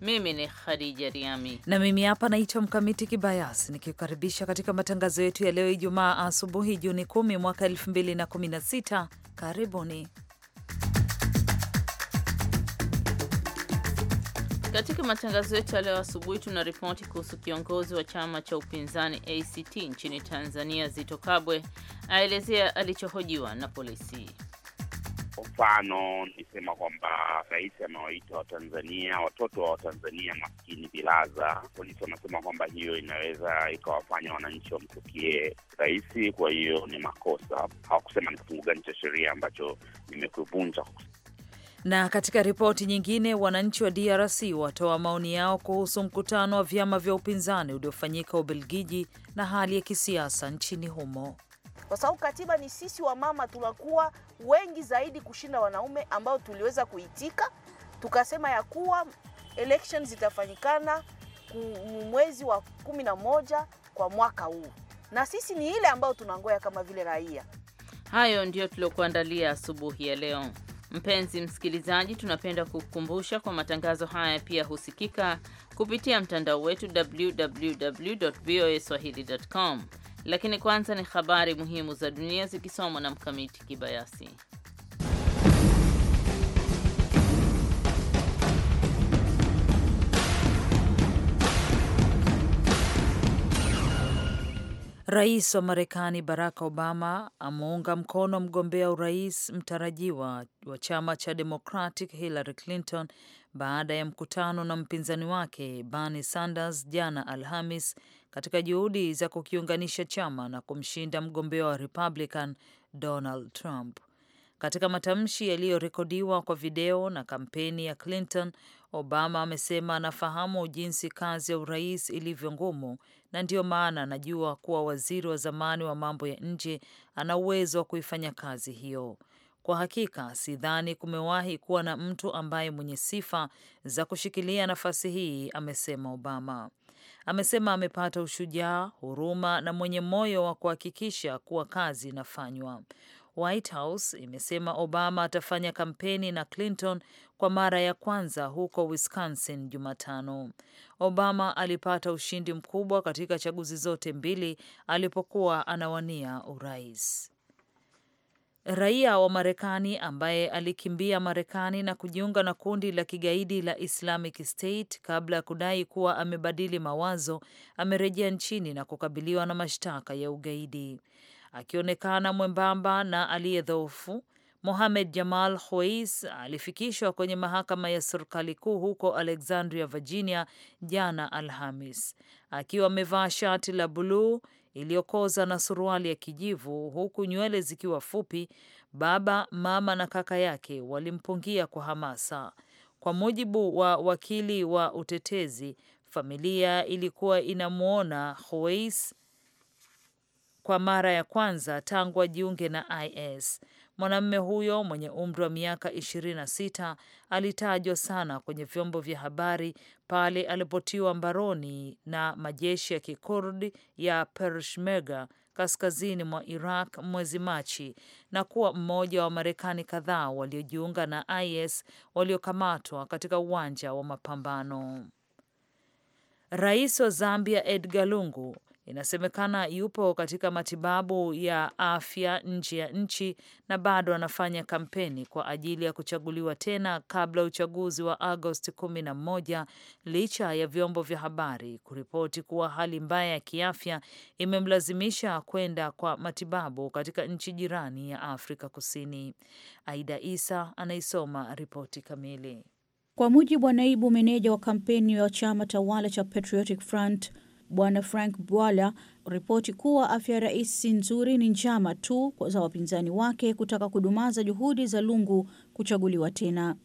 Mimi ni Khadija Riami na mimi hapa naitwa Mkamiti Kibayasi nikikaribisha katika matangazo yetu ya leo Ijumaa asubuhi Juni 10 mwaka 2016. Karibuni. Katika matangazo yetu ya leo asubuhi tuna ripoti kuhusu kiongozi wa chama cha upinzani ACT nchini Tanzania, Zito Kabwe aelezea alichohojiwa na polisi. Kwa mfano nisema kwamba rais amewaita Watanzania, watoto wa Watanzania maskini bilaza Polisi wanasema kwamba hiyo inaweza ikawafanya wananchi wamchukie rais, kwa hiyo ni makosa. Hawakusema ni kifungu gani cha sheria ambacho nimekuvunja Na katika ripoti nyingine, wananchi wa DRC watoa maoni yao kuhusu mkutano wa vyama vya upinzani uliofanyika Ubelgiji na hali ya kisiasa nchini humo kwa sababu katiba ni sisi wa mama tunakuwa wengi zaidi kushinda wanaume ambao tuliweza kuitika, tukasema ya kuwa elections zitafanyikana mwezi wa kumi na moja kwa mwaka huu, na sisi ni ile ambayo tunangoya kama vile raia. Hayo ndiyo tuliokuandalia asubuhi ya leo. Mpenzi msikilizaji, tunapenda kukukumbusha kwa matangazo haya pia husikika kupitia mtandao wetu www voa swahili.com lakini kwanza ni habari muhimu za dunia zikisomwa na Mkamiti Kibayasi. Rais wa Marekani Barack Obama ameunga mkono mgombea urais mtarajiwa wa chama cha Democratic Hillary Clinton baada ya mkutano na mpinzani wake Bernie Sanders jana Alhamis katika juhudi za kukiunganisha chama na kumshinda mgombea wa Republican Donald Trump. Katika matamshi yaliyorekodiwa kwa video na kampeni ya Clinton, Obama amesema anafahamu jinsi kazi ya urais ilivyo ngumu, na ndiyo maana anajua kuwa waziri wa zamani wa mambo ya nje ana uwezo wa kuifanya kazi hiyo. Kwa hakika sidhani kumewahi kuwa na mtu ambaye mwenye sifa za kushikilia nafasi hii, amesema Obama amesema amepata ushujaa, huruma na mwenye moyo wa kuhakikisha kuwa kazi inafanywa. White House imesema Obama atafanya kampeni na Clinton kwa mara ya kwanza huko Wisconsin Jumatano. Obama alipata ushindi mkubwa katika chaguzi zote mbili alipokuwa anawania urais raia wa Marekani ambaye alikimbia Marekani na kujiunga na kundi la kigaidi la Islamic State kabla ya kudai kuwa amebadili mawazo, amerejea nchini na kukabiliwa na mashtaka ya ugaidi. Akionekana mwembamba na aliye Mohamed Jamal Hoeis alifikishwa kwenye mahakama ya serikali kuu huko Alexandria, Virginia jana Alhamis akiwa amevaa shati la buluu iliyokoza na suruali ya kijivu huku nywele zikiwa fupi. Baba, mama na kaka yake walimpungia kwa hamasa. Kwa mujibu wa wakili wa utetezi, familia ilikuwa inamwona Khoueis kwa mara ya kwanza tangu ajiunge na IS. Mwanamume huyo mwenye umri wa miaka 26 alitajwa sana kwenye vyombo vya habari pale alipotiwa mbaroni na majeshi ya Kikurdi ya Peshmerga kaskazini mwa Iraq mwezi Machi na kuwa mmoja wa Marekani kadhaa waliojiunga na IS waliokamatwa katika uwanja wa mapambano. Rais wa Zambia Edgar Lungu Inasemekana yupo katika matibabu ya afya nje ya nchi na bado anafanya kampeni kwa ajili ya kuchaguliwa tena kabla uchaguzi wa Agosti 11 licha ya vyombo vya habari kuripoti kuwa hali mbaya ya kiafya imemlazimisha kwenda kwa matibabu katika nchi jirani ya Afrika Kusini. Aida Isa anaisoma ripoti kamili. Kwa mujibu wa naibu meneja wa kampeni ya chama tawala cha Patriotic Front Bwana Frank Bwala ripoti kuwa afya ya rais nzuri ni njama tu za wapinzani wake kutaka kudumaza juhudi za Lungu kuchaguliwa tena.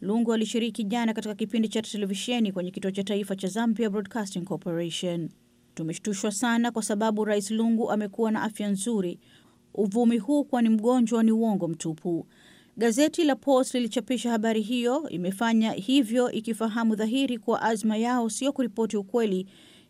Lungu alishiriki jana katika kipindi cha televisheni kwenye kituo cha taifa cha Zambia Broadcasting Corporation. Tumeshtushwa sana kwa sababu Rais Lungu amekuwa na afya nzuri. Uvumi huu kuwa ni mgonjwa ni uongo mtupu. Gazeti la Post lilichapisha habari hiyo, imefanya hivyo ikifahamu dhahiri kuwa azma yao sio kuripoti ukweli,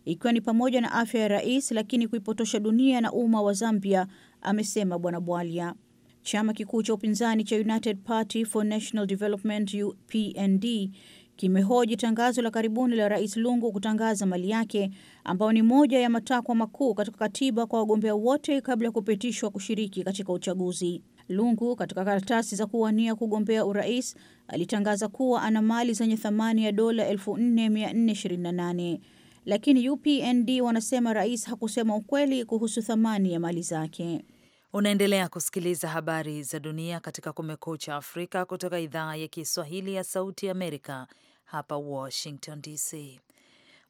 ikiwa ni pamoja na afya ya rais, lakini kuipotosha dunia na umma wa Zambia, amesema Bwana Bwalya. Chama kikuu cha upinzani cha United Party for National Development UPND kimehoji tangazo la karibuni la Rais Lungu kutangaza mali yake, ambayo ni moja ya matakwa makuu katika katiba kwa wagombea wote kabla ya kupitishwa kushiriki katika uchaguzi. Lungu katika karatasi za kuwania kugombea urais alitangaza kuwa ana mali zenye thamani ya dola 4428 lakini UPND wanasema rais hakusema ukweli kuhusu thamani ya mali zake. Unaendelea kusikiliza habari za dunia katika Kumekucha Afrika kutoka idhaa ya Kiswahili ya Sauti Amerika hapa Washington DC.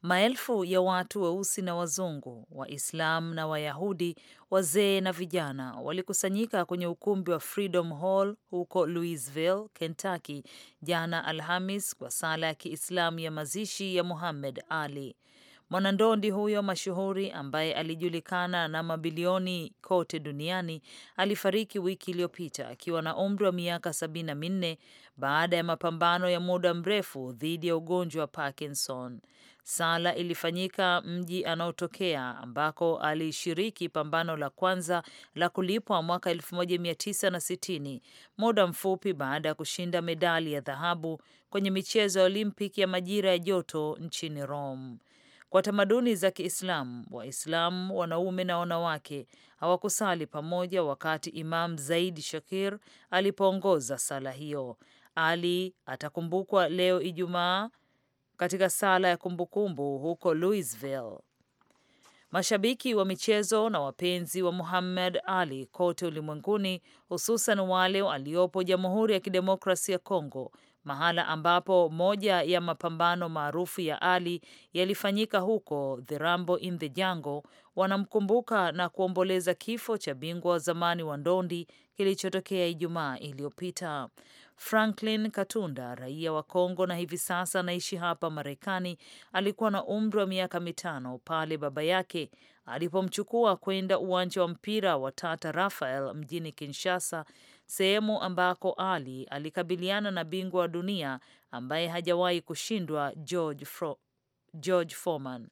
Maelfu ya watu weusi na wazungu, Waislamu na Wayahudi, wazee na vijana walikusanyika kwenye ukumbi wa Freedom Hall huko Louisville, Kentucky jana Alhamis kwa sala ya Kiislamu ya mazishi ya Muhammad Ali. Mwanandondi huyo mashuhuri ambaye alijulikana na mabilioni kote duniani alifariki wiki iliyopita akiwa na umri wa miaka sabini na minne baada ya mapambano ya muda mrefu dhidi ya ugonjwa wa Parkinson. Sala ilifanyika mji anaotokea ambako alishiriki pambano la kwanza la kulipwa mwaka 1960 muda mfupi baada ya kushinda medali ya dhahabu kwenye michezo ya Olimpiki ya majira ya joto nchini Rome. Kwa tamaduni za Kiislamu, Waislamu wanaume na wanawake hawakusali pamoja wakati Imam zaidi Shakir alipoongoza sala hiyo. Ali atakumbukwa leo Ijumaa katika sala ya kumbukumbu huko Louisville. Mashabiki wa michezo na wapenzi wa Muhammad Ali kote ulimwenguni, hususan wale waliopo Jamhuri ya Kidemokrasi ya Kongo mahala ambapo moja ya mapambano maarufu ya Ali yalifanyika huko. The rambo in the Jungle wanamkumbuka na kuomboleza kifo cha bingwa wa zamani wa ndondi kilichotokea Ijumaa iliyopita. Franklin Katunda, raia wa Kongo na hivi sasa anaishi hapa Marekani, alikuwa na umri wa miaka mitano pale baba yake alipomchukua kwenda uwanja wa mpira wa Tata Rafael mjini Kinshasa sehemu ambako Ali alikabiliana na bingwa wa dunia ambaye hajawahi kushindwa George, Fro George Foreman.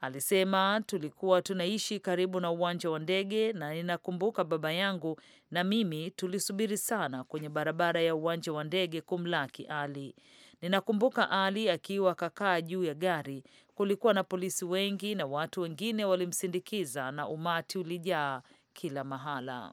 Alisema tulikuwa tunaishi karibu na uwanja wa ndege, na ninakumbuka baba yangu na mimi tulisubiri sana kwenye barabara ya uwanja wa ndege kumlaki Ali. Ninakumbuka Ali akiwa kakaa juu ya gari, kulikuwa na polisi wengi na watu wengine walimsindikiza, na umati ulijaa kila mahala.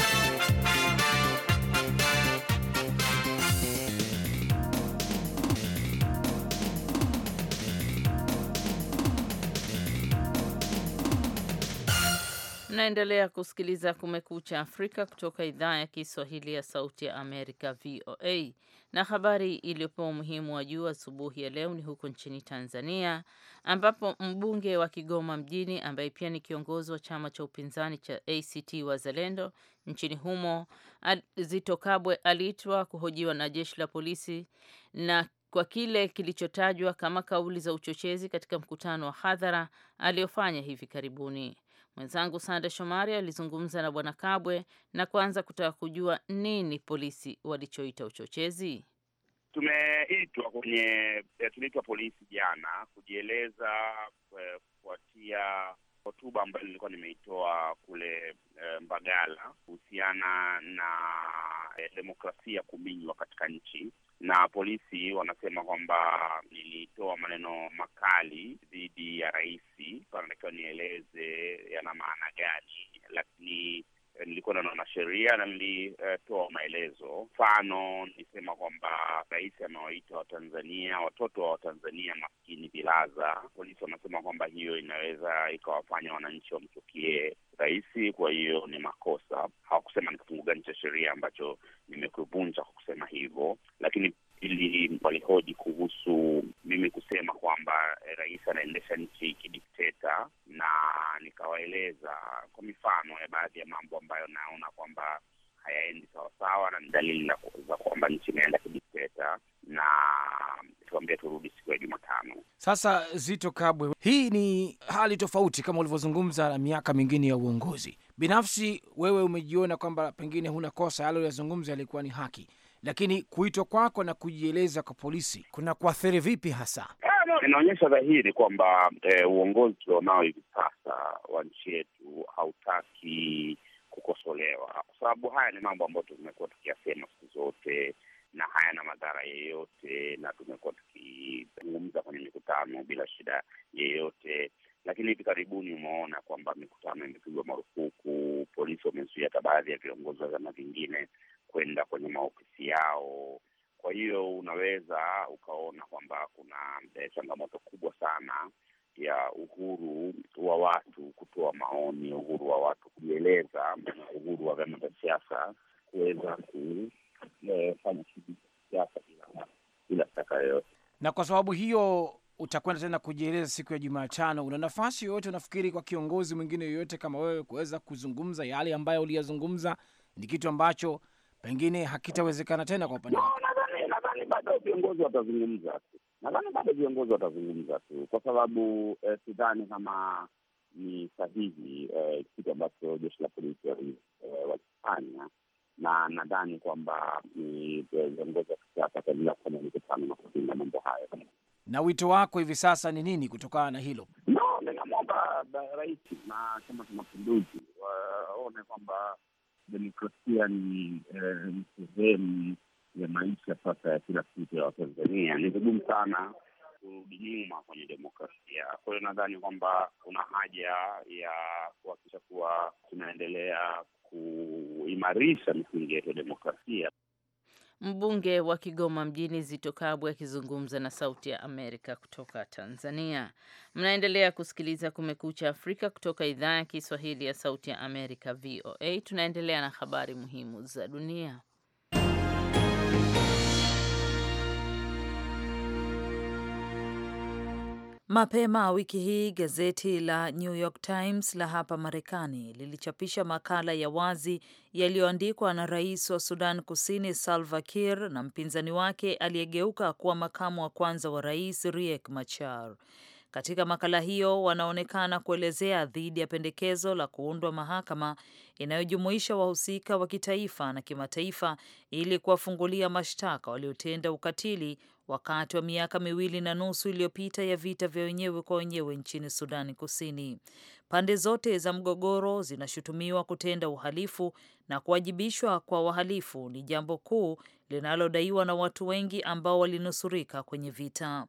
Mnaendelea kusikiliza Kumekucha Afrika kutoka idhaa ya Kiswahili ya Sauti ya Amerika, VOA. Na habari iliyopewa umuhimu wa juu asubuhi ya leo ni huko nchini Tanzania, ambapo mbunge wa Kigoma Mjini, ambaye pia ni kiongozi wa chama cha upinzani cha ACT Wazalendo nchini humo, Zitto Kabwe aliitwa kuhojiwa na jeshi la polisi na kwa kile kilichotajwa kama kauli za uchochezi katika mkutano wa hadhara aliyofanya hivi karibuni. Mwenzangu Sande Shomari alizungumza na Bwana Kabwe na kuanza kutaka kujua nini polisi walichoita uchochezi. Tumeitwa kwenye eh, tuliitwa polisi jana kujieleza eh, kufuatia hotuba ambayo nilikuwa nimeitoa kule e, Mbagala kuhusiana na e, demokrasia kuminywa katika nchi na polisi wanasema kwamba nilitoa maneno makali dhidi ya rais. Anatakiwa nieleze yana maana gani, lakini Eh, nilikuwa na mwanasheria na nilitoa uh, maelezo. Mfano nilisema kwamba rais amewaita Watanzania, watoto wa Watanzania maskini vilaza. Polisi wanasema kwamba hiyo inaweza ikawafanya wananchi wamchukie rais, kwa hiyo ni makosa. Hawakusema ni kifungu gani cha sheria ambacho nimekuvunja kwa kusema hivyo, lakini ili walihoji kuhusu mimi kusema kwamba eh, rais anaendesha nchi kidikteta, na nikawaeleza kwa mifano ya baadhi ya mambo ambayo naona kwamba hayaendi sawasawa na ni dalili za kwamba nchi inaenda kidikteta, na tuambia turudi siku ya Jumatano. Sasa Zito Kabwe, hii ni hali tofauti kama ulivyozungumza na miaka mingine ya uongozi. Binafsi wewe umejiona kwamba pengine huna kosa, yale uliyozungumza yalikuwa ni haki lakini kuitwa kwako na kujieleza kwa polisi kuna kuathiri vipi hasa? Ah, inaonyesha dhahiri kwamba e, uongozi tulionao hivi sasa wa nchi yetu hautaki kukosolewa, kwa sababu haya ni mambo ambayo tumekuwa tukiyasema siku zote na haya na madhara yeyote, na tumekuwa tukizungumza kwenye mikutano bila shida yeyote, lakini hivi karibuni umeona kwamba mikutano imepigwa marufuku, polisi wamezuia hata baadhi ya viongozi wa vyama vingine kwenda kwenye maofisi yao. Kwa hiyo unaweza ukaona kwamba kuna eh, changamoto kubwa sana ya uhuru wa watu kutoa maoni, uhuru wa watu kujieleza, uhuru wa vyama vya siasa kuweza kufanya eh, shughuli za siasa bila shaka yoyote. Na kwa sababu hiyo utakwenda tena kujieleza siku ya Jumatano. Una nafasi yoyote unafikiri kwa kiongozi mwingine yoyote kama wewe kuweza kuzungumza yale ambayo uliyazungumza? Ni kitu ambacho pengine hakitawezekana tena kwa upande no, nadhani nadhani bado viongozi watazungumza tu, nadhani bado viongozi watazungumza tu, kwa sababu eh, sidhani kama ni sahihi eh, kitu ambacho jeshi la polisi walifanya eh, na nadhani kwamba ni eh, viongozi wa kisiasa wataendelea kufanya mikutano na kupinga mambo hayo. Na wito wako hivi sasa ni nini kutokana na hilo? No, ninamwomba eh, rais na Chama cha Mapinduzi waone kwamba demokrasia eh, ni sehemu ya maisha sasa ya kila siku ya Watanzania, ni vigumu sana kurudi nyuma kwenye demokrasia. Kwa hiyo nadhani kwamba kuna haja ya kuhakikisha kuwa tunaendelea kuimarisha misingi yetu ya demokrasia. Mbunge wa Kigoma mjini Zito Kabwe akizungumza na Sauti ya Amerika kutoka Tanzania. Mnaendelea kusikiliza Kumekucha Afrika kutoka idhaa ya Kiswahili ya Sauti ya Amerika, VOA. Tunaendelea na habari muhimu za dunia. Mapema wiki hii gazeti la New York Times la hapa Marekani lilichapisha makala ya wazi yaliyoandikwa na rais wa Sudan Kusini Salva Kiir na mpinzani wake aliyegeuka kuwa makamu wa kwanza wa rais Riek Machar. Katika makala hiyo, wanaonekana kuelezea dhidi ya pendekezo la kuundwa mahakama inayojumuisha wahusika wa kitaifa na kimataifa ili kuwafungulia mashtaka waliotenda ukatili wakati wa miaka miwili na nusu iliyopita ya vita vya wenyewe kwa wenyewe nchini Sudani Kusini. Pande zote za mgogoro zinashutumiwa kutenda uhalifu na kuwajibishwa kwa wahalifu ni jambo kuu linalodaiwa na watu wengi ambao walinusurika kwenye vita.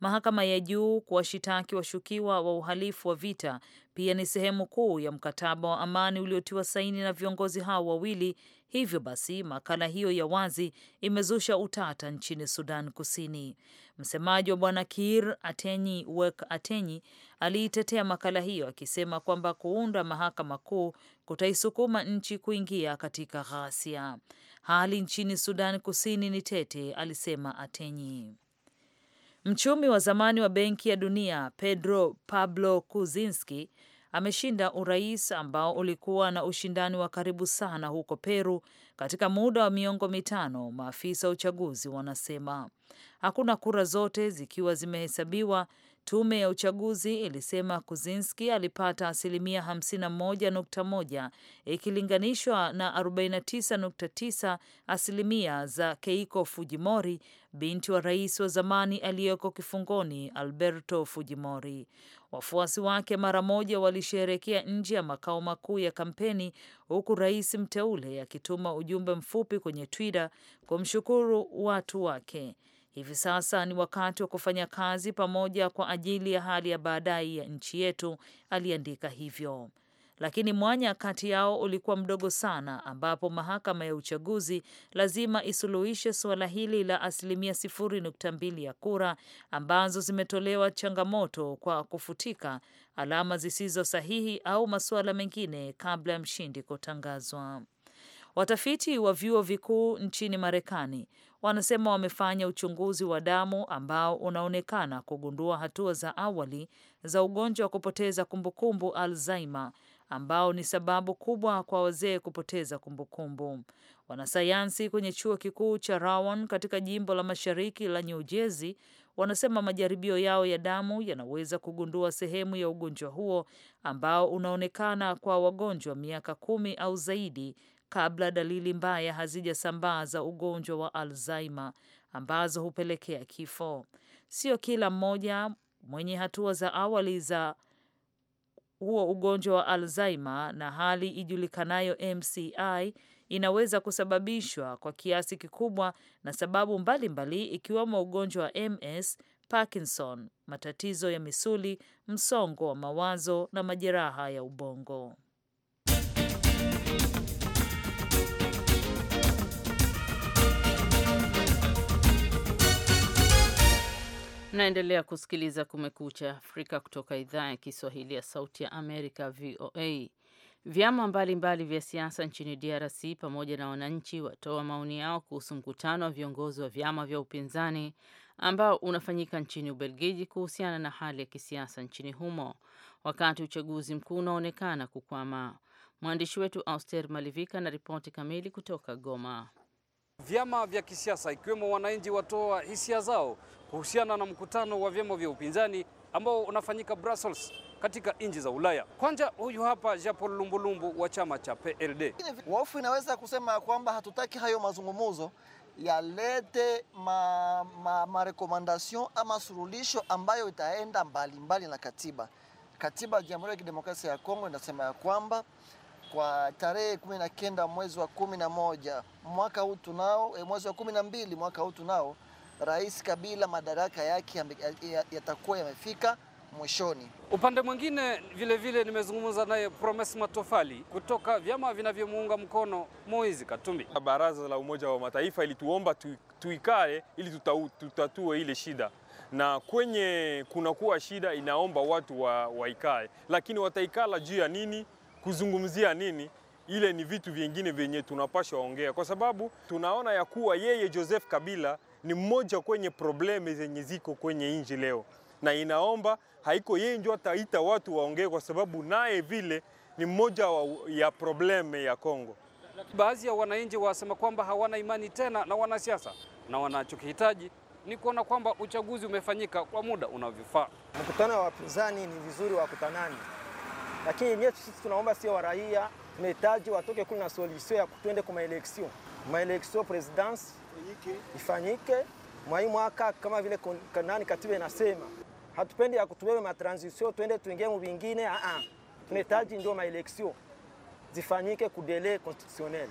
Mahakama ya juu kuwashitaki washukiwa wa uhalifu wa vita pia ni sehemu kuu ya mkataba wa amani uliotiwa saini na viongozi hao wawili. Hivyo basi, makala hiyo ya wazi imezusha utata nchini Sudan Kusini. Msemaji wa bwana kir Atenyi Wek Atenyi aliitetea makala hiyo akisema kwamba kuunda mahakama kuu kutaisukuma nchi kuingia katika ghasia. Hali nchini Sudan Kusini ni tete, alisema Atenyi. Mchumi wa zamani wa Benki ya Dunia Pedro Pablo kuzinski ameshinda urais ambao ulikuwa na ushindani wa karibu sana huko Peru katika muda wa miongo mitano, maafisa wa uchaguzi wanasema. Hakuna kura zote zikiwa zimehesabiwa Tume ya uchaguzi ilisema Kuzinski alipata asilimia 51.1 ikilinganishwa na 49.9 asilimia za Keiko Fujimori, binti wa rais wa zamani aliyeko kifungoni Alberto Fujimori. Wafuasi wake mara moja walisherehekea nje ya makao makuu ya kampeni, huku rais mteule akituma ujumbe mfupi kwenye Twitter kumshukuru watu wake. Hivi sasa ni wakati wa kufanya kazi pamoja kwa ajili ya hali ya baadaye ya nchi yetu, aliandika hivyo. Lakini mwanya kati yao ulikuwa mdogo sana, ambapo mahakama ya uchaguzi lazima isuluhishe suala hili la asilimia sifuri nukta mbili ya kura ambazo zimetolewa changamoto kwa kufutika alama zisizo sahihi au masuala mengine kabla ya mshindi kutangazwa. Watafiti wa vyuo vikuu nchini Marekani wanasema wamefanya uchunguzi wa damu ambao unaonekana kugundua hatua za awali za ugonjwa wa kupoteza kumbukumbu Alzheimer, ambao ni sababu kubwa kwa wazee kupoteza kumbukumbu. Wanasayansi kwenye chuo kikuu cha Rowan katika jimbo la mashariki la New Jersey wanasema majaribio yao ya damu yanaweza kugundua sehemu ya ugonjwa huo ambao unaonekana kwa wagonjwa miaka kumi au zaidi kabla dalili mbaya hazijasambaza ugonjwa wa Alzheimer ambazo hupelekea kifo. Sio kila mmoja mwenye hatua za awali za huo ugonjwa wa Alzheimer na hali ijulikanayo MCI inaweza kusababishwa kwa kiasi kikubwa na sababu mbalimbali ikiwemo ugonjwa wa MS, Parkinson, matatizo ya misuli, msongo wa mawazo na majeraha ya ubongo. naendelea kusikiliza Kumekucha Afrika kutoka idhaa ya Kiswahili ya Sauti ya Amerika, VOA. Vyama mbalimbali vya siasa nchini DRC pamoja na wananchi watoa maoni yao kuhusu mkutano wa viongozi wa vyama vya upinzani ambao unafanyika nchini Ubelgiji kuhusiana na hali ya kisiasa nchini humo wakati uchaguzi mkuu unaonekana kukwama. Mwandishi wetu Auster Malivika na ripoti kamili kutoka Goma vyama vya kisiasa ikiwemo wananchi watoa hisia zao kuhusiana na mkutano wa vyama vya upinzani ambao unafanyika Brussels katika nchi za Ulaya. Kwanza huyu hapa Jean Paul Lumbulumbu wa chama cha PLD. Waofu inaweza kusema kwamba hatutaki hayo mazungumzo yalete marekomandasyon ma, ma ama surulisho ambayo itaenda mbalimbali mbali na katiba. Katiba ya Jamhuri ya Kidemokrasia ya Kongo inasema ya kwamba kwa tarehe kumi na kenda mwezi wa kumi na moja mwaka huu tunao e, mwezi wa kumi na mbili mwaka huu tunao, Rais Kabila madaraka yake yatakuwa yamefika mwishoni. Upande mwingine vile vile nimezungumza naye Promise Matofali kutoka vyama vinavyomuunga mkono Moizi Katumbi. Baraza la Umoja wa Mataifa ilituomba tu, tuikale ili tutau, tutatue ile shida na kwenye kunakuwa shida inaomba watu wa, waikae, lakini wataikala juu ya nini? kuzungumzia nini, ile ni vitu vingine vyenye tunapaswa ongea, kwa sababu tunaona ya kuwa yeye Joseph Kabila ni mmoja kwenye probleme zenye ziko kwenye nchi leo, na inaomba haiko yeye ndio ataita watu waongee, kwa sababu naye vile ni mmoja ya probleme ya Kongo. Baadhi ya wananchi wasema kwamba hawana imani tena na wanasiasa na wanachokihitaji ni kuona kwamba uchaguzi umefanyika kwa muda unavyofaa. Mkutano wa wapinzani ni vizuri wakutanani lakini nyetu sisi tunaomba sio wa raia, tunahitaji watoke kule na solution ya kutwende kwa maeleksio maeleksio presidence ifanyike ifanyike mwai mwaka kama vile kanani katiba inasema. Hatupendi ya kutuwewe transition twende tuingie mu vingine, tunahitaji ndio maeleksio zifanyike ku kudele constitutionnel,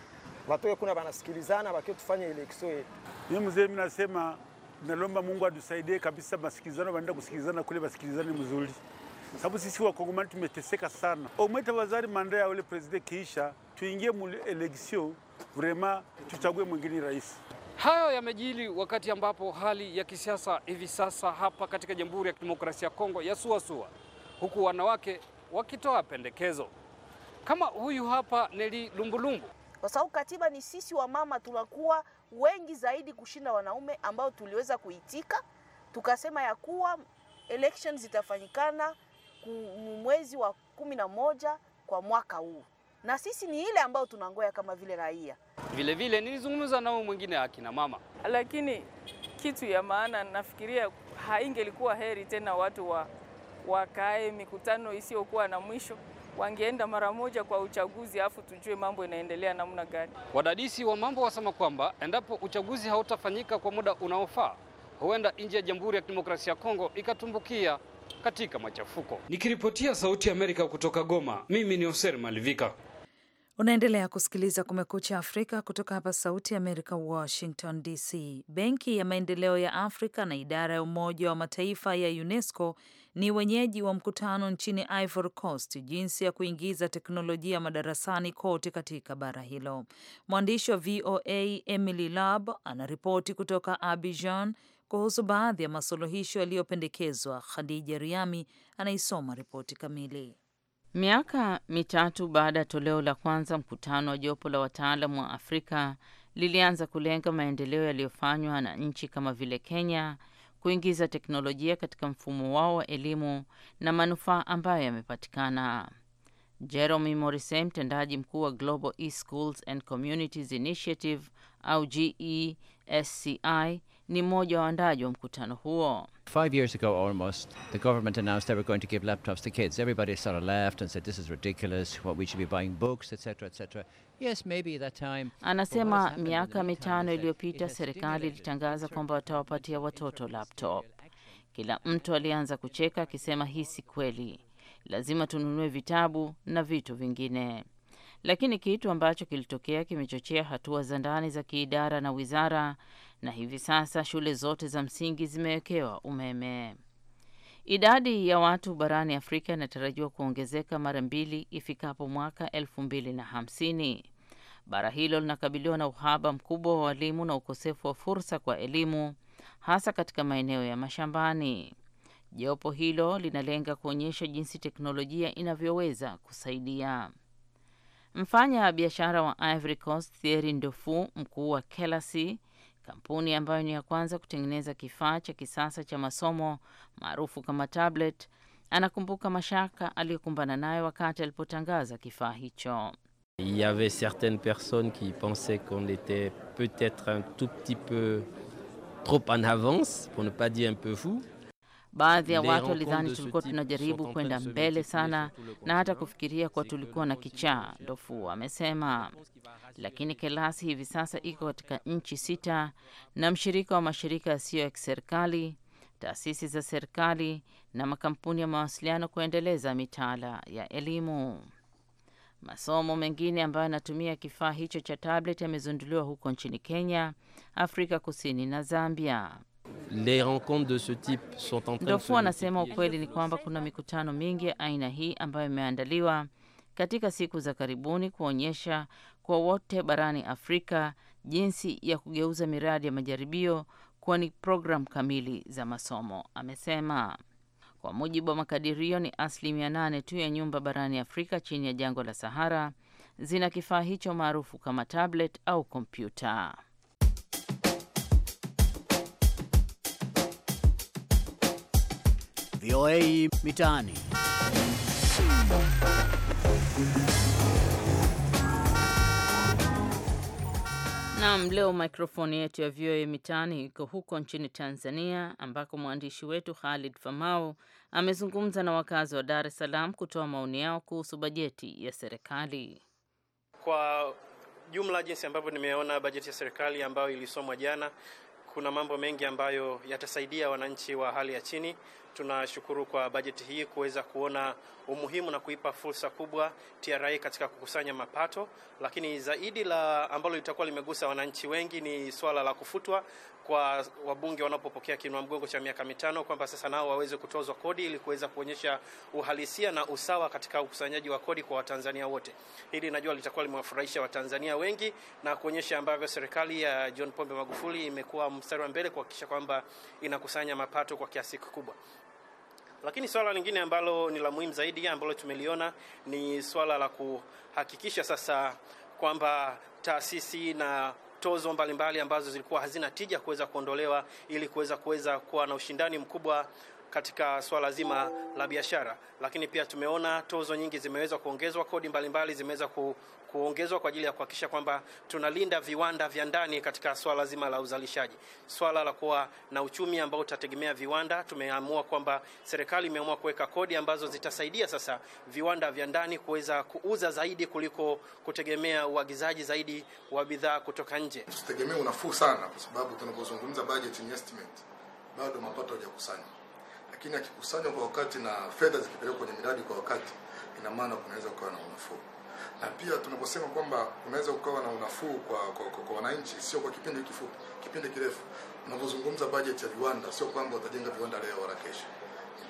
watoke kuna banasikilizana bakio tufanye eleksio yetu. Ni mzee, mimi nasema nalomba Mungu atusaidie kabisa, masikilizano baenda kusikilizana kule, masikilizano mzuri sababu sisi wakongomani tumeteseka sana. Omweta wazari manda ya ule preside kiisha, tuingie mu election vrema, tuchague mwingine rais. Hayo yamejili wakati ambapo hali ya kisiasa hivi sasa hapa katika Jamhuri ya Kidemokrasia ya Kongo yasuasua, huku wanawake wakitoa pendekezo kama huyu hapa Neli Lumbulumbu, kwa sababu katiba ni sisi wa mama tunakuwa wengi zaidi kushinda wanaume ambao tuliweza kuitika, tukasema ya kuwa elections zitafanyikana mwezi wa kumi na moja kwa mwaka huu, na sisi ni ile ambayo tunangoya kama vile raia. Vilevile nilizungumza nao mwingine akina mama, lakini kitu ya maana nafikiria haingelikuwa heri tena watu wa wakae mikutano isiyokuwa na mwisho, wangeenda mara moja kwa uchaguzi, afu tujue mambo inaendelea namna gani. Wadadisi wa mambo wasema kwamba endapo uchaguzi hautafanyika kwa muda unaofaa, huenda nchi ya Jamhuri ya Kidemokrasia ya Kongo ikatumbukia katika machafuko. Nikiripotia Sauti ya Amerika kutoka Goma, mimi ni Hoser Malivika. Unaendelea kusikiliza Kumekucha Afrika kutoka hapa Sauti ya Amerika, Washington DC. Benki ya Maendeleo ya Afrika na idara ya Umoja wa Mataifa ya UNESCO ni wenyeji wa mkutano nchini Ivory Coast jinsi ya kuingiza teknolojia madarasani kote katika bara hilo. Mwandishi wa VOA Emily Lab anaripoti kutoka Abidjan, kuhusu baadhi ya masuluhisho yaliyopendekezwa, Khadija Riami anaisoma ripoti kamili. Miaka mitatu baada ya toleo la kwanza, mkutano wa jopo la wataalam wa Afrika lilianza kulenga maendeleo yaliyofanywa na nchi kama vile Kenya kuingiza teknolojia katika mfumo wao wa elimu na manufaa ambayo yamepatikana. Jeremy Morise, mtendaji mkuu wa Global eSchools and Communities Initiative au GESCI, ni mmoja wa waandaji wa mkutano huo. Five years ago almost, the government announced they were going to give laptops to kids. Everybody sort of laughed and said this is ridiculous, what we should be buying books, etc, etc. Yes, maybe that time. Anasema miaka mitano iliyopita serikali ilitangaza kwamba watawapatia watoto laptop. Kila mtu alianza kucheka akisema hii si kweli. Lazima tununue vitabu na vitu vingine. Lakini kitu ambacho kilitokea kimechochea hatua za ndani za kiidara na wizara na hivi sasa shule zote za msingi zimewekewa umeme. Idadi ya watu barani Afrika inatarajiwa kuongezeka mara mbili ifikapo mwaka elfu mbili na hamsini. Bara hilo linakabiliwa na uhaba mkubwa wa walimu na ukosefu wa fursa kwa elimu hasa katika maeneo ya mashambani. Jopo hilo linalenga kuonyesha jinsi teknolojia inavyoweza kusaidia. Mfanya biashara wa Ivory Coast Thierry Ndofu, mkuu wa Kelasi Kampuni ambayo ni ya kwanza kutengeneza kifaa cha kisasa cha masomo maarufu kama tablet, anakumbuka mashaka aliyokumbana nayo wakati alipotangaza kifaa hicho. Il y avait certaines personnes qui pensaient qu'on était peut-être un tout petit peu trop en avance pour ne pas dire un peu fou. Baadhi ya watu walidhani tulikuwa tunajaribu kwenda mbele sana na hata kufikiria kuwa tulikuwa na kichaa, Dofu amesema. Lakini Kelasi hivi sasa iko katika nchi sita na mshirika wa mashirika yasiyo ya kiserikali, taasisi za serikali na makampuni ya mawasiliano kuendeleza mitaala ya elimu. Masomo mengine ambayo yanatumia kifaa hicho cha tablet yamezinduliwa huko nchini Kenya, Afrika Kusini na Zambia. Les rencontres de ce type sont en train Dofu anasema ukweli ni kwamba kuna mikutano mingi ya aina hii ambayo imeandaliwa katika siku za karibuni kuonyesha kwa wote barani Afrika jinsi ya kugeuza miradi ya majaribio kuwa ni programu kamili za masomo. Amesema kwa mujibu wa makadirio ni asilimia nane tu ya nyumba barani Afrika chini ya jangwa la Sahara zina kifaa hicho maarufu kama tablet au kompyuta. VOA Mitaani. Naam, leo mikrofoni yetu ya VOA Mitaani iko huko nchini Tanzania, ambako mwandishi wetu Khalid Famau amezungumza na wakazi wa Dar es Salaam kutoa maoni yao kuhusu bajeti ya serikali kwa jumla. Jinsi ambavyo nimeona bajeti ya serikali ambayo ilisomwa jana, kuna mambo mengi ambayo yatasaidia wananchi wa hali ya chini Tunashukuru kwa bajeti hii kuweza kuona umuhimu na kuipa fursa kubwa TRA katika kukusanya mapato, lakini zaidi la ambalo litakuwa limegusa wananchi wengi ni swala la kufutwa kwa wabunge wanapopokea kinua mgongo cha miaka mitano, kwamba sasa nao waweze kutozwa kodi ili kuweza kuonyesha uhalisia na usawa katika ukusanyaji wa kodi kwa Watanzania wote. Hili najua litakuwa limewafurahisha Watanzania wengi na kuonyesha ambavyo serikali ya John Pombe Magufuli imekuwa mstari wa mbele kuhakikisha kwamba inakusanya mapato kwa kiasi kikubwa. Lakini swala lingine ambalo ni la muhimu zaidi ambalo tumeliona ni swala la kuhakikisha sasa kwamba taasisi na tozo mbalimbali ambazo zilikuwa hazina tija kuweza kuondolewa ili kuweza kuweza kuwa na ushindani mkubwa katika swala zima la biashara. Lakini pia tumeona tozo nyingi zimeweza kuongezwa, kodi mbalimbali zimeweza ku, kuongezwa kwa ajili ya kuhakikisha kwamba tunalinda viwanda vya ndani katika swala zima la uzalishaji. Swala la kuwa na uchumi ambao utategemea viwanda, tumeamua kwamba serikali imeamua kuweka kodi ambazo zitasaidia sasa viwanda vya ndani kuweza kuuza zaidi kuliko kutegemea uagizaji zaidi wa bidhaa kutoka nje. Tusitegemee unafuu sana, kwa sababu tunapozungumza budget investment bado mapato hayajakusanywa lakini akikusanywa kwa wakati na fedha zikipelekwa kwenye miradi kwa wakati, ina maana kunaweza kukawa na unafuu. Na pia tunaposema kwamba unaweza ukawa na unafuu kwa kwa, kwa, kwa wananchi, sio kwa kipindi kifupi, kipindi kirefu. Unapozungumza bajeti ya viwanda, sio kwamba utajenga viwanda leo wala kesho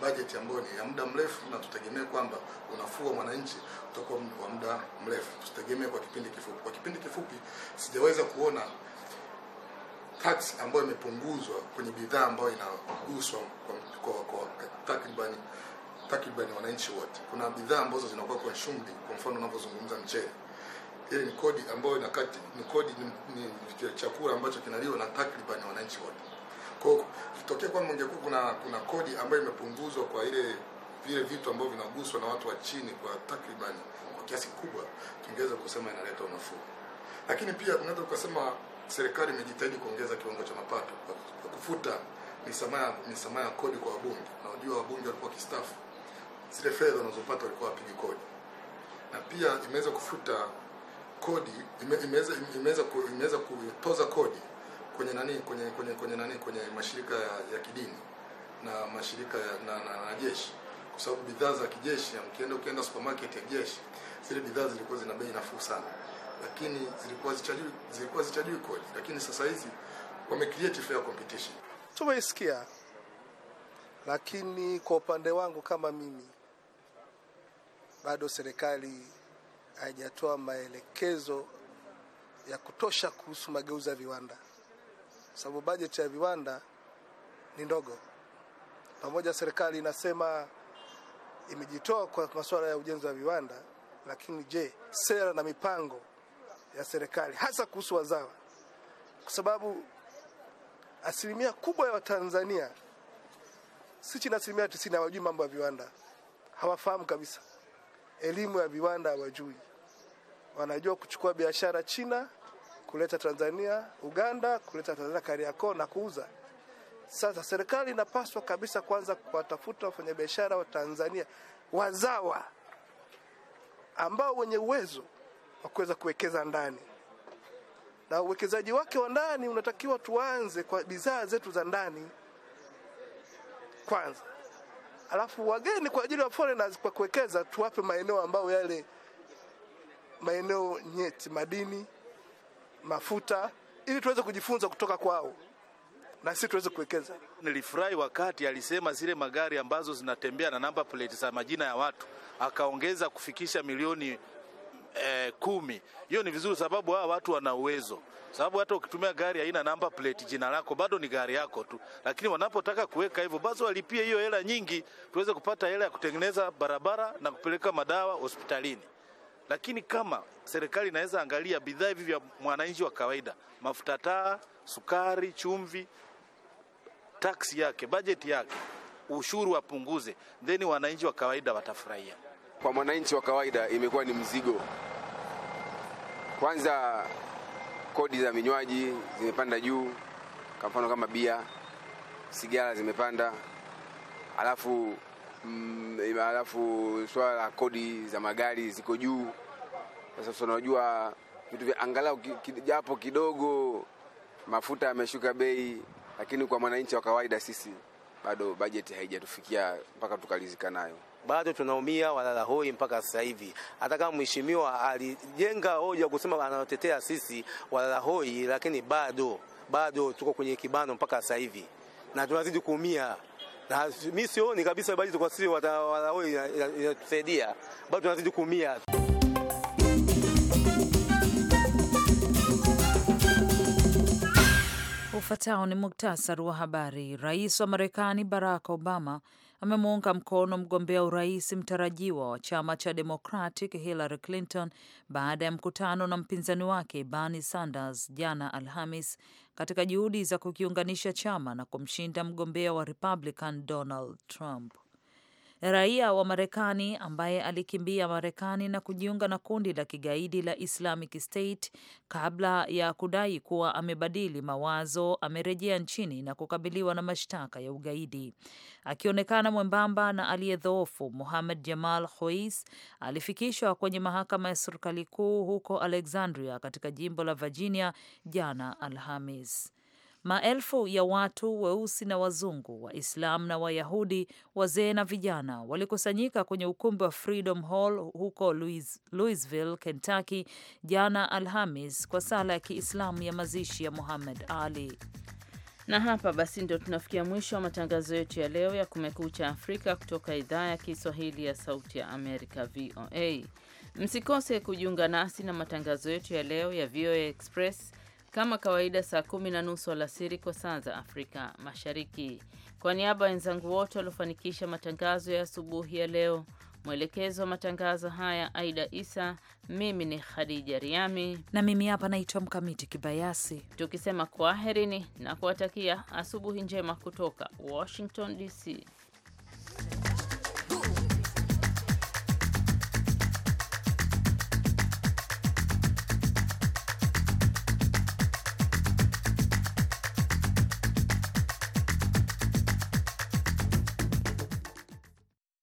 bajeti ambayo ni ya muda mrefu na tutegemee kwamba unafuu wa mwananchi utakuwa wa muda mrefu, tusitegemee kwa kipindi kifupi. Kwa kipindi kifupi sijaweza kuona tax ambayo imepunguzwa kwenye bidhaa ambayo inaguswa kwa, kwa, kwa takribani wananchi wote. Kuna bidhaa ambazo zinakuwa shughuli, kwa mfano unavyozungumza mchele, ile ni kodi ambayo kati, ni kodi ni, ni chakula ambacho kinaliwa na takribani wananchi wote. Kwa hiyo kitokea kwamba ungekuwa kuna kuna kodi ambayo imepunguzwa kwa ile vile vitu ambavyo vinaguswa na watu wa chini kwa takriban kwa kiasi kikubwa, tungeweza kusema inaleta unafuu, lakini pia unaweza ukasema serikali imejitahidi kuongeza kiwango cha mapato kwa kufuta misamaha misamaha ya kodi kwa wabunge. Na unajua wabunge walikuwa kistafu, zile fedha wanazopata walikuwa wapigi kodi, na pia imeweza kufuta kodi, imeweza imeweza imeweza kutoza kodi kwenye nani kwenye kwenye kwenye nani kwenye mashirika ya, ya kidini na mashirika ya, na, na, na jeshi kwa sababu bidhaa za kijeshi, ukienda ukienda supermarket ya jeshi, zile bidhaa zilikuwa zina bei nafuu sana lakini zilikuwa zichajui, zilikuwa zichajui kodi, lakini sasa hizi create fair competition. Tumeisikia, lakini kwa upande wangu kama mimi bado serikali haijatoa maelekezo ya kutosha kuhusu mageuzi ya viwanda, sababu bajeti ya viwanda ni ndogo. Pamoja serikali inasema imejitoa kwa masuala ya ujenzi wa viwanda, lakini je, sera na mipango ya serikali hasa kuhusu wazawa, kwa sababu asilimia kubwa ya Watanzania si chini asilimia tisini hawajui mambo ya viwanda, hawafahamu kabisa elimu ya viwanda hawajui. Wanajua kuchukua biashara China kuleta Tanzania, Uganda kuleta Tanzania Kariakoo na kuuza. Sasa serikali inapaswa kabisa kwanza kuwatafuta wafanyabiashara wa Tanzania wazawa ambao wenye uwezo wa kuweza kuwekeza ndani, na uwekezaji wake wa ndani unatakiwa tuanze kwa bidhaa zetu za ndani kwanza, alafu wageni kwa ajili ya foreigners kwa kuwekeza tuwape maeneo ambayo yale maeneo nyeti, madini, mafuta, ili tuweze kujifunza kutoka kwao na sisi tuweze kuwekeza. Nilifurahi wakati alisema zile magari ambazo zinatembea na namba plate za majina ya watu, akaongeza kufikisha milioni eh, kumi. Hiyo ni vizuri, sababu hawa watu wana uwezo, sababu hata ukitumia gari haina namba plate, jina lako bado ni gari yako tu, lakini wanapotaka kuweka hivyo, basi walipie hiyo hela nyingi, tuweze kupata hela ya kutengeneza barabara na kupeleka madawa hospitalini. Lakini kama serikali inaweza angalia bidhaa hivi vya mwananchi wa kawaida, mafuta taa, sukari, chumvi, taksi yake, bajeti yake, ushuru wapunguze, then wananchi wa kawaida watafurahia kwa mwananchi wa kawaida imekuwa ni mzigo. Kwanza kodi za vinywaji zimepanda juu, kwa mfano kama bia, sigara zimepanda, alafu mm, alafu swala la kodi za magari ziko juu. Sasa unajua vitu vya angalau japo kidogo, mafuta yameshuka bei, lakini kwa mwananchi wa kawaida sisi bado bajeti haijatufikia mpaka tukalizika nayo bado tunaumia walala hoi mpaka sasa hivi. Hata kama mheshimiwa alijenga hoja kusema anatetea sisi walala hoi, lakini bado bado tuko kwenye kibano mpaka sasa hivi na tunazidi kuumia, na mimi sioni kabisa bajeti kwa sisi walala hoi inatusaidia, bado tunazidi kuumia. Ufuatao ni muktasari wa habari. Rais wa Marekani Barack Obama amemuunga mkono mgombea urais mtarajiwa wa chama cha Democratic Hillary Clinton baada ya mkutano na mpinzani wake Bernie Sanders jana Alhamis katika juhudi za kukiunganisha chama na kumshinda mgombea wa Republican Donald Trump raia wa Marekani ambaye alikimbia Marekani na kujiunga na kundi la kigaidi la Islamic State kabla ya kudai kuwa amebadili mawazo, amerejea nchini na kukabiliwa na mashtaka ya ugaidi. Akionekana mwembamba na aliyedhoofu, muhamed Jamal Khois alifikishwa kwenye mahakama ya serikali kuu huko Alexandria katika jimbo la Virginia jana Alhamis. Maelfu ya watu weusi na wazungu, Waislamu na Wayahudi, wazee na vijana walikusanyika kwenye ukumbi wa Freedom Hall huko Louis, Louisville, Kentucky jana Alhamis kwa sala ya Kiislamu ya mazishi ya Muhammad Ali. Na hapa basi ndio tunafikia mwisho wa matangazo yetu ya leo ya Kumekucha Afrika kutoka idhaa ya Kiswahili ya Sauti ya Amerika, VOA. Msikose kujiunga nasi na matangazo yetu ya leo ya VOA Express kama kawaida saa kumi na nusu alasiri kwa saa za Afrika Mashariki. Kwa niaba ya wenzangu wote waliofanikisha matangazo ya asubuhi ya leo, mwelekezo wa matangazo haya Aida Isa, mimi ni Khadija Riami na mimi hapa naitwa Mkamiti Kibayasi, tukisema kwaherini na kuwatakia asubuhi njema kutoka Washington DC.